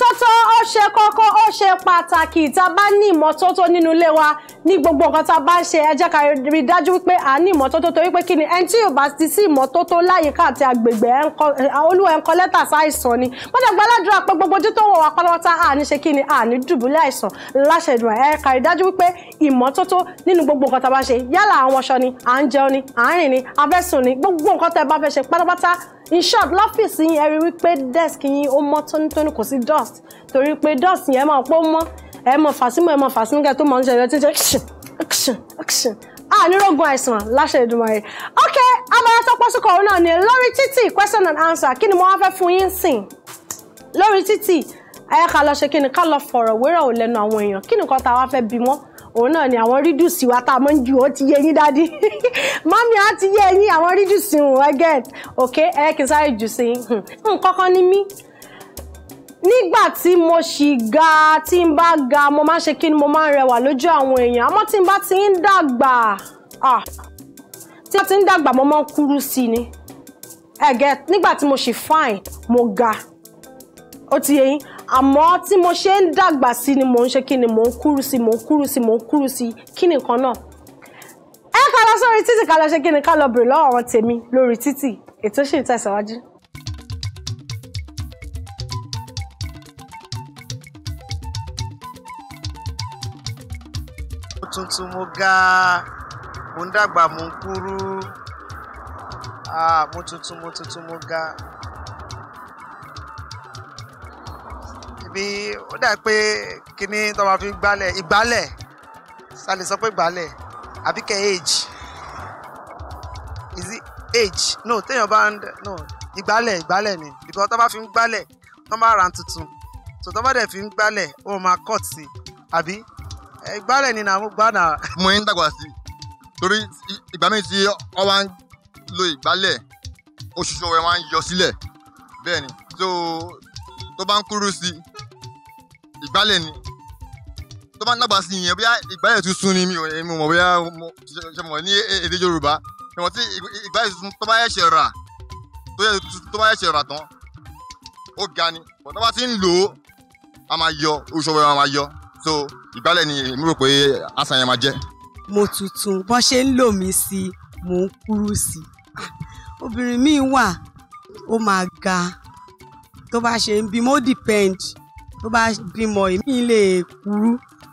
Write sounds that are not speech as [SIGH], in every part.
ìmọ́tótó ó ṣe kókó ó ṣe pàtàkì tá a bá ní ìmọ́tótó nínú ilé wa ní gbogbo nǹkan tá a bá ń ṣe ẹ jẹ́ ká rí dájú wípé à ní ìmọ́tótó torí pé kí ni ẹni tí yóò bá ti sí ìmọ́tótó láyìíká àti àgbègbè olúwa ẹ̀ńkọ́ lẹ́tà sáìsàn ni wọ́n dẹ̀ gbàládùra pé gbogbo ojú tó wọ̀ wá pátápátá à ní ṣe kí ni à ní dùbúlẹ̀ àìsàn láṣẹ ìdùnnà ẹ ká rí dájú wípé ìmọ́tótó nínú gbogbo nǹkan tá a bá ṣe yálà àwọn aṣọ ni à ń jẹun ni à ń rìn ni a fẹ́ sùn ni gbogbo nǹkan tẹ́ bá fẹ́ ṣe pátápátá in short lọ́fíìsì yín ẹ rí wípé desk yín ó mọ́ tónítóní kò sí dust dust torí pé dust yẹn máa pọ́ mọ́ ẹ mọ̀ fàsímọ̀ ẹ mọ̀ fàsímọ̀ kẹ́ tó máa ń ṣe ẹ̀rọ tí ń ṣe ànírògùn àìsàn láṣẹ Èdùmàrè ok abala tó pọ́sùkọ náà ni lórí títì question and answer kí ni mo wá fẹ́ fún yín sìn lórí títì ẹ ká lọ ṣe kí ni ká lọ fọ̀rọ̀ wérò ò lẹ́nu àwọn èèyàn kí nìkan tá a wá fẹ́ bí wọ́n òun náà ni àwọn rídùsì wa tá a máa ń ju ó ti yé yín dádì mọ́mí á ti yé yín àwọn rídùsì wọn again ok ẹ kì í sáré jù sí hmm, nǹkan kan ní mí nígbà tí mo ṣì ga tí n bá ga mo máa ń ṣe kí ni mo máa ń rẹwà lójú àwọn èèyàn àmọ́ tí n bá ti ń dàgbà tí n bá ti ń dàgbà mo máa ń kúrú sí ni ẹ̀gẹ́ nígbà tí mo ṣì fine mo ga ó ti yẹ yín àmọ́ tí mo ṣe ń dàgbà sí ni mò ń ṣe kí ni mò ń kúrú sí mò ń kúrú sí mò ń kúrú sí kí ni nǹkan náà ẹ ká lọ sórí títì ká lọ ṣe kí ni ká lọ bèrè lọ́wọ́ àwọn tèmi lórí títì ètò ṣì ń tẹ̀síwájú. tuntun mo ga mo ń dàgbà mo ń kúrú ah, mo tuntun mo tuntun mo ga. ibi ó dà pé kíní tó máa fi gbálẹ̀ ìgbálẹ̀ sálẹ̀ sọ pé gbálẹ̀ àbí kẹ́ age is it age no téèyàn bá ń no ìgbálẹ̀ ìgbálẹ̀ ni because tó bá fi ń gbálẹ̀ tó bá ra tuntun tó tó bá dẹ̀ fi ń gbálẹ̀ ó máa cut sí àbí ìgbálẹ̀ ni nàá mo gbá náà. mo ń dàgbà sí torí ìgbà míì tí ọ wá ń lo ìgbálẹ̀ oṣooṣù ọwọ́ ẹ wá ń yọ sílẹ̀ bẹ́ẹ̀ ni tó tó bá ń kúrú sí ìgbálẹ̀ ni tó bá ń dàgbà sí ìyẹn bóyá ìgbálẹ̀ tuntun ni mi ò mọ̀ bóyá ṣe mọ̀ ní èdè Yorùbá ìwọ̀n tí ìgbálẹ̀ tuntun tó bá ṣẹ̀ṣẹ̀ rà tó yẹ tó bá ṣẹ̀ṣẹ̀ rà tán ó ga ni bọ̀ tó bá ti ń lò ó a máa yọ oṣù ọwọ́ ẹ máa yọ so ìgbálẹ̀ ni èmi rò pé àṣà yẹn máa jẹ́. mo tuntun bọ́n ṣe ń lò mí sí i mò ń kúrú sí i obìnrin míì wà ó máa ga tó bá ṣe ń bímọ ó depend tó bá bímọ ìmí lè kúrú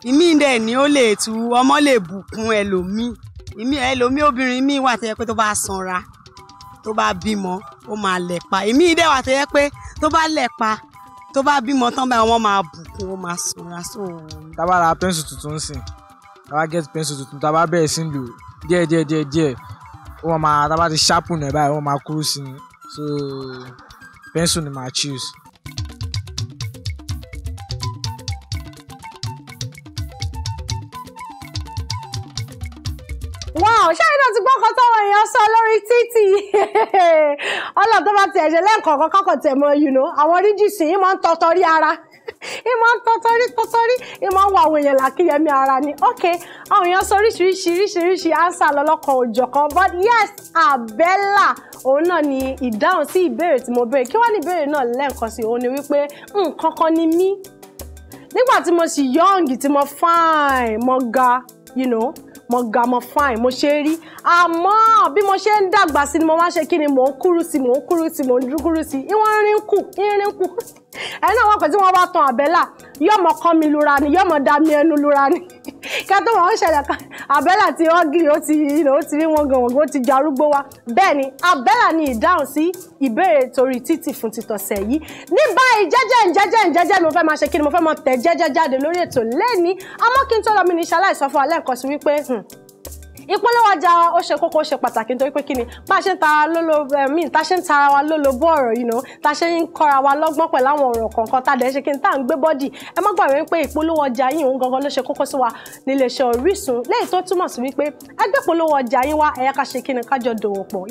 ìmí dẹ̀ ni ó lè tu ọmọ lè bùkún ẹlòmíì ìmí ẹlòmíì obìnrin míì wà tó yẹ pé tó bá sanra tó bá bímọ ó máa lẹ̀pa ìmí dẹ̀ wà tó pé tó bá lẹ̀pa tó bá bímọ tán báyìí wọ́n máa bùkún wọ́n máa sanra so. tá a bá ra pẹ́ńsù tuntun sìn tá a bá get pẹ́ńsù tuntun tá a bá bẹ̀rẹ̀ sí lò díẹ̀ díẹ̀ díẹ̀ díẹ̀ wọ́n máa tá a bá ti ṣáàpù náà báyìí wọ́n máa kúrú sí ni so pẹ́ńsù ni màá choose. wow ṣáàrin náà ti gbọ́ kan tọ́wọ́ èèyàn sọ lórí títì [LAUGHS] ọlọ́run tó bá ti ẹ̀jẹ̀ lẹ́ẹ̀kọ̀ọ̀kan kọ́kọ̀ tẹ̀ mọ́ you know àwọn oríjìsì yìí máa ń tọ́tọ́ rí ara [LAUGHS] ìmọ̀ ń tọ́tọ́ rí tọ́tọ́ rí ìmọ̀ ń wọ àwọn èèyàn làkíyẹmí ara ni ok àwọn èèyàn sọ oríṣiríṣi oríṣiríṣi ánsà lọ́lọ́kan òjọ̀kan but yes Abella òun náà ni ìdáhùn sí ìbéèrè tí mo béèrè kí wọ́n ní ìbéèrè náà lẹ́ẹ̀kan sí òun ni wípé hmm, nǹkan kan ni mí nígbà tí mo sì yọ̀ǹgì tí mo fine mo ga you know mo ga mo fine mo ṣe rí àmọ́ bí mo ṣe ń dàgbà sí ni mo wá ṣe kí ni mò ń kúrú sí mò ń kúrú sí mò ń dúkúrú sí ìwọ̀n rin kù ìrìn kù ẹni àwọn kan tí wọ́n bá tan àbẹ́là yọ̀mọ̀ kan mi lura ni yọ̀mọ̀ dá mi ẹnu lura ni kẹ́tọ́ wọn ṣẹlẹ̀ kan àbẹ́là tí wọ́n ó ti ilẹ̀ ó ti rí wọn gànwọ̀ngàn ó ti jẹ arúgbó wa bẹ́ẹ̀ ni àbẹ́là ni ìdáhùn sí ìbéèrè torí títì fún títọ̀sẹ̀ yìí ní báyìí jẹ́jẹ́ jẹ́jẹ́ jẹ́jẹ́ ni mo fẹ́ máa ṣe kí ni mo fẹ́ máa tẹ̀ jẹ́jẹ́ jáde lórí ètò lẹ́ni àmọ́ kí n tó lọ mi ṣaláìsọ fún alẹ́ ìpolówó ọjà ó ṣe kókó ó ṣe pàtàkì nítorí pé kí ni bá a ṣe ń tara lólo eh, míì tá a ṣe ń tara wa lólobó ọ̀rọ̀ yìí náà tá a ṣe ń kọ́ra wa lọ́gbọ́n pẹ̀lú àwọn ọ̀rọ̀ kọ̀ọ̀kan tá dẹ̀ ṣe kí ni tá à ń gbé bọ́dì ẹ má gbàgbé pé ìpolówó ọjà yìí òun gangan ló ṣe kókó sí wa níléeṣẹ́ Orísun lẹ́yìn tó túmọ̀ sí wípé ẹgbẹ́ ìpolówó ọjà yín wá ẹ̀yà ká ṣe kí ni kájọ dòwò pọ̀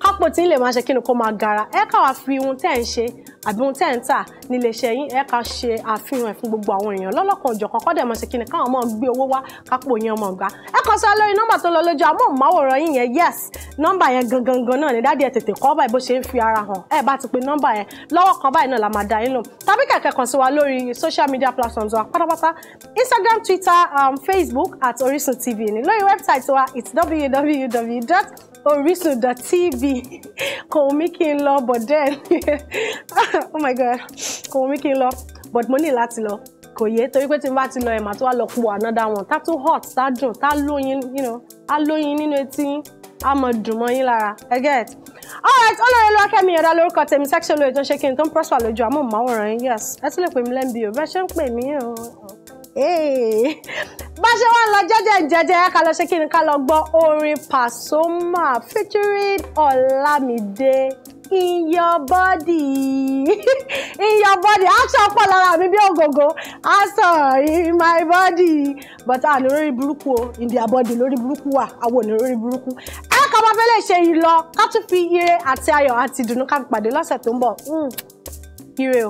kápò tí ń lè máa ṣe kí ni kó máa gara ẹ ká wá fi ohun tẹ́ ń ṣe àbí ohun tẹ́ ń tà níléeṣẹ́ yín ẹ ká ṣe àfihàn ẹ̀ fún gbogbo àwọn èèyàn lọ́lọ́kan òjọ̀kan kọ́dẹ̀ máa ṣe kí ni káwọn máa gbé owó wá kápò yẹn máa gbà ẹ kàn sọ lórí nọ́mbà tó lọ lójú amóhùnmáwòrán yín yẹn yes nọ́mbà yẹn gangan náà ni dáàdi ẹ tètè kọ́ báyìí bó ṣe ń fi ara hàn ẹ bá ti pe nọ́mbà yẹn lọ́wọ́ la máa dá yín lò tàbí kẹ̀kẹ́ social media platforms wa Instagram Twitter um, Facebook at Orisun TV ni lórí website wa it's www.orisun.tv kò wù mí kí n lọ but then [LAUGHS] oh my god kò wù mí kí n lọ but mo ní láti lọ kò yé torí pé tí n bá ti lọ ẹ̀ mà tó wá lọ po another one tá tó hot tá dùn tá lóyin you know á lóyin nínú etí yín á mọ dùn mọ́ yín lára ẹ get alright olórin olúwa kẹ́mi ìyọ̀dá lórúkọ tèmi section lóye tó ń ṣe kí n tó ń prosper lójú àmọ́ màwòrán yín yes ẹ tún lè pè mí lẹ́nu bí o bẹ́ẹ̀ ṣe ń pè mí o bá ṣe wá lọ jẹ́jẹ́ jẹ́jẹ́ ká lọ ṣe kí ni ká lọ gbọ́ orin Pasuma featuring Olamide in your body [LAUGHS] in your body aṣọ pọ̀ lára mi bí ògògó aṣọ in my body but àní lórí burúkú o in their body lórí burúkú wà àwọn òní lórí burúkú ẹ ká bá fẹ́ ṣe yìí lọ ká tún fi ire àti ayọ̀ àti ìdùnnú ká fi pàdé lọ́sẹ̀ tó ń bọ̀ hmm. ire o.